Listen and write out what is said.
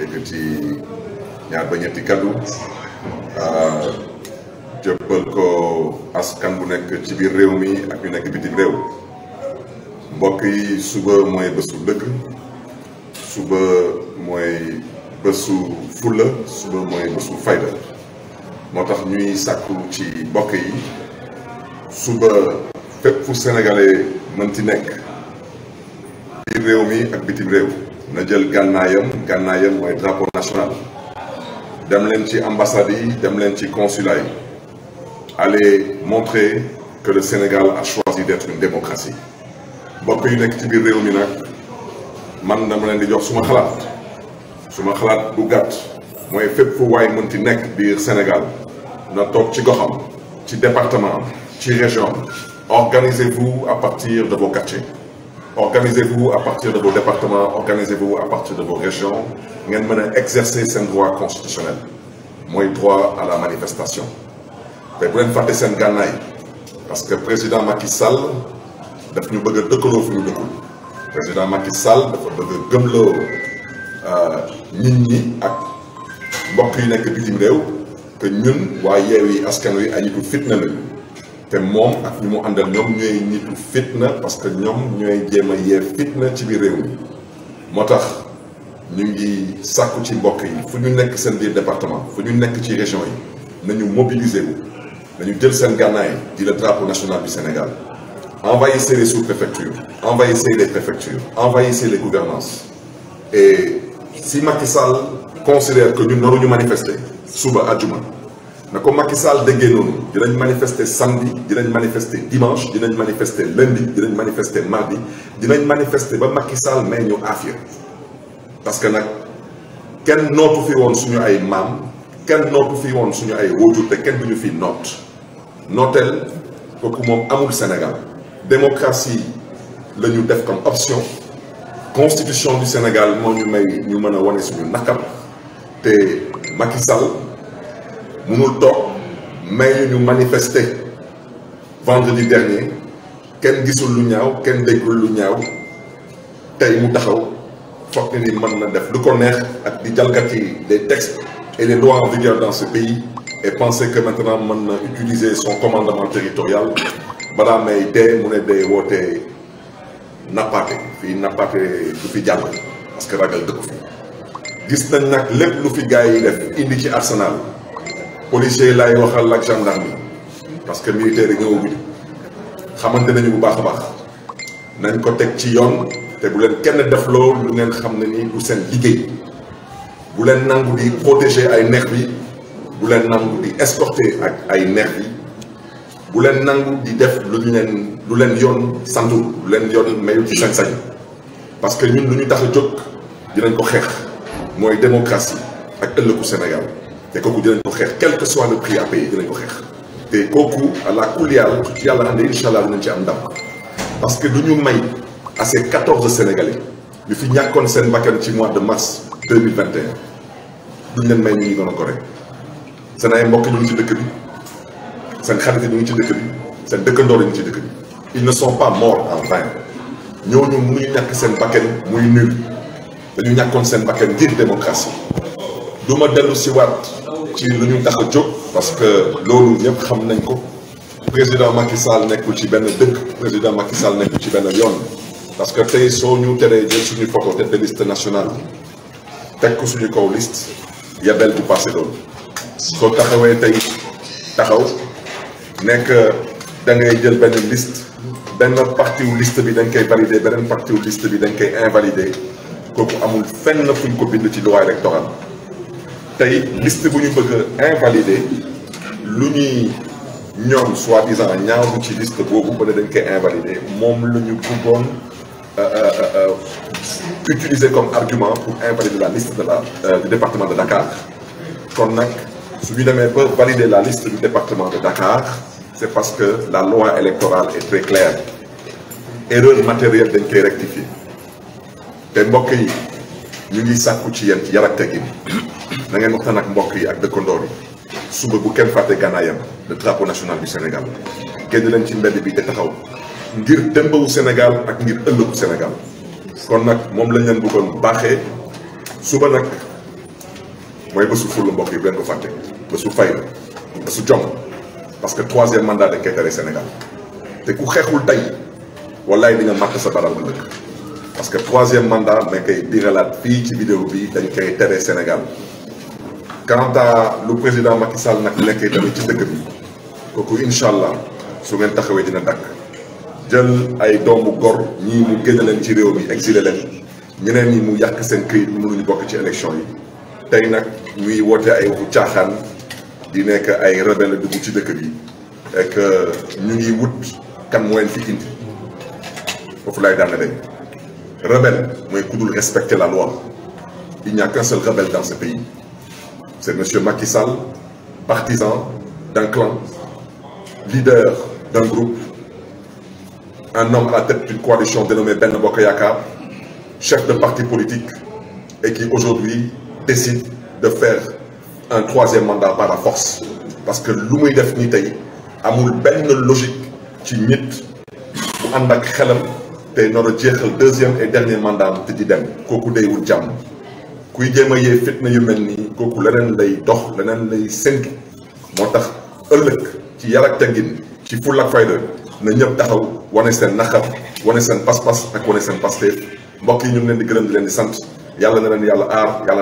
yëkkati ñaar ñetti kaddu euh, jëppal ko askan bu nekk ci biir réew mi ak ñu nekk bitim réew mbokk yi suba mooy bésu dëgg suba mooy bésu fulla suba mooy bésu fayda moo tax ñuy sàkku ci mbokk yi suba fépp fu sénégalais mën ti nekk biir réew mi ak bitim réew na jël gànnaayam gànnaayam mooy drapeau national dem leen ci ambassade yi dem leen ci consulat yi allez montrer que le Sénégal a choisi d'être une démocratie mbokk yu nekk ci biir réew mi nag man dama leen di jox suma xalaat suma xalaat bu gàtt mooy fépp fu waay mënti nekk biir Sénégal na toog ci goxam ci département ci région organisez-vous à partir de vos organisez-vous à partir de vos départements organisez-vous à partir de vos régions ngeen mën a exercer seen droit constitutionnel mooy droit à la manifestation te bu leen fàtte seen gànnaay parce que président Macky Sall daf ñu bëgg a loo fu ñu dëkkul président Macky sal dafa bëgg a gëmloo euh, nit ñi ak mbokk yi nekk bitim réew que ñun waa Yewwi Askan Wi ay nitu fitna lañu te moom ak ñi mu àndal ñoom ñooy ñitu fitna parce que ñoom ñooy jéem a yee fitna ci biir réew mi moo tax ñu ngi sàkku ci mbokk yi fu ñu nekk seen biir département fu ñu nekk ci région yi nañu mobiliser wu nañu jël seen gànnaay di le drapeau national du Sénégal envahissez les sous-préfectures envahissez les préfectures envahissez les gouvernances et si Macky Sall considère que ñun naruñu manifester suba àjjuma na ko Macky Sall déggee noonu dinañ manifester samedi dinañ manifester dimanche dinañ manifester lundi dinañ manifester mardi dinañ manifester ba Macky Sall may ñu affaire parce que nag kenn nootu fi woon suñu ay maam kenn nootu fi woon suñu ay wóojur te kenn ñu fi noot nooteel kooku moom amul Sénégal démocratie la ñu def comme option constitution du Sénégal moo ñu may ñu mën a wane suñu naqar te Macky Sall mënul toog may ñu ñu manifester vendredi dernier kenn gisul lu ñaaw kenn déggul lu ñaaw tey mu taxaw foog ni mën na def lu ko neex ak di jalgati les textes et les lois en vigueur dans ce pays et penser que maintenant mën na utiliser son commandement territorial balaa may dee mu ne day wootee nappaate fii nappaate du fi jàll parce que ragal dëkku fi gis nañ nag lépp lu fi gars yi def indi ci arsenal policier laay waxal ak gendarme parce que militaire yi ñëwaguñu xamante nañu bu baax a baax nañ ko teg ci yoon te bu leen kenn def loo lu ngeen xam ne nii du seen liggéey bu leen nangu di protéger ay nervi yi bu leen nangu di escorter ak ay neex yi bu leen nangu di def lu ñu leen lu leen yoon santul lu leen yoon mayu ci seen sañ parce que ñun lu ñu tax a jóg dinañ ko xeex mooy démocratie ak ëllëgu Sénégal te kooku dinañ ko xeex quel que soit le prix à payer dinañ ko xeex te kooku àla yàlla xam ne incha allah dinañ ci am ndam parce que du ñu may à ces quatorze sénégalais bi fi ñàkkoon seen bakkan ci mois de mars deux mille vingt leen may ñu ngi doon ko rek seen ay mbokk ñu ngi ci dëkk bi seen xarit ñu ngi ci dëkk bi seen dëkkandoor ñu ngi ci dëkk bi ils ne sont pas morts en vain ñooñu mënuñu ñàkk seen bakkan muy nul dañu ñàkkoon seen bakkan ngir démocratie du ma dellu si waat ci lu ñu tax jóg parce que loolu ñëpp xam nañ ko président Macky Sall nekkul ci benn dëkk président Macky Sall ci benn yoon parce que tey soo ñu teree jël suñu photo tête de liste nationale teg ko suñu kaw ya yabel bu passé loolu soo taxawee tey taxaw nekk da ngay jël benn liste benn parti wu bi dañ koy valider beneen parti wu liste dañ koy invalider kooku amul fenn fuñ ko bind ci loi électorale tey liste bu ñu bëgg a invalider lu ñuy ñoom soi ñaaw ñaawlu ci liste boobu ba ne dañ koy invalider moom lu ñu bëggoon euh, euh, euh, utiliser comme argument pour invalider la liste de la du département de Dakar kon nag su ñu demee ba valider la liste du département de Dakar c'est parce que la loi électorale est très claire erreur matérielle dañ koy rectifier te mbokk yi ñu ngi sàkku ci yéen teggin na ngeen waxtaan ak mbokk yi ak dëkkandoor yi suba bu kenn fàtte gànnaayam le drapeau national du Sénégal génn leen ci mbedd bi te taxaw ngir démbawu Sénégal ak ngir ëllëgu Sénégal kon nag moom lañ leen bëggoon baaxee suba nag mooy bésu fulla mbokk yi bu leen ko fàtte bésu fayda bésu jom parce que troisième mandat dañ koy tere Sénégal te ku xeexul tey wallaay di nga sa baral ëllëg parce que troisième mandat ma koy biralaat fii ci vidéo dañ koy tere Sénégal quant à lu président Macky Sall nag lekkee tamit ci dëkk bi kooku incha allah su ngeen taxawee dina dakk jël ay doomu gor ñi mu génne leen ci réew mi exilé leen ñeneen ñi mu yàq seen këyit mënuñu bokk ci élection yi tey nag ñuy woote ay waxu di nekk ay rebelle dugg ci dëkk bi et ñu ngi wut kan moo leen fi indi foofu lay daane rebelle mooy ku dul respecter la loi il a qu'un rebelle dans ce pays C'est monsieur Macky Sall, partisan d'un clan, leader d'un groupe, un homme à la tête d'une coalition dénommée Ben Bokoyaka, chef de parti politique, et qui aujourd'hui décide de faire un troisième mandat par la force. Parce que lu muy def nii tey amul benn logique ci nit bu ànd ak xelam te nar a jeexal deuxième et dernier mandat te di dem kooku deewul jàmm kuy jéem a yee fitna kooku leneen lay dox leneen lay séntu moo tax ëllëg ci yar ak teggin ci fulla ak fayda na ñëpp taxaw wane seen naqar wane seen pas-pas ak wane seen pasteef mbokk yi ñu ngi leen di gërëm di leen sant yàlla na leen aar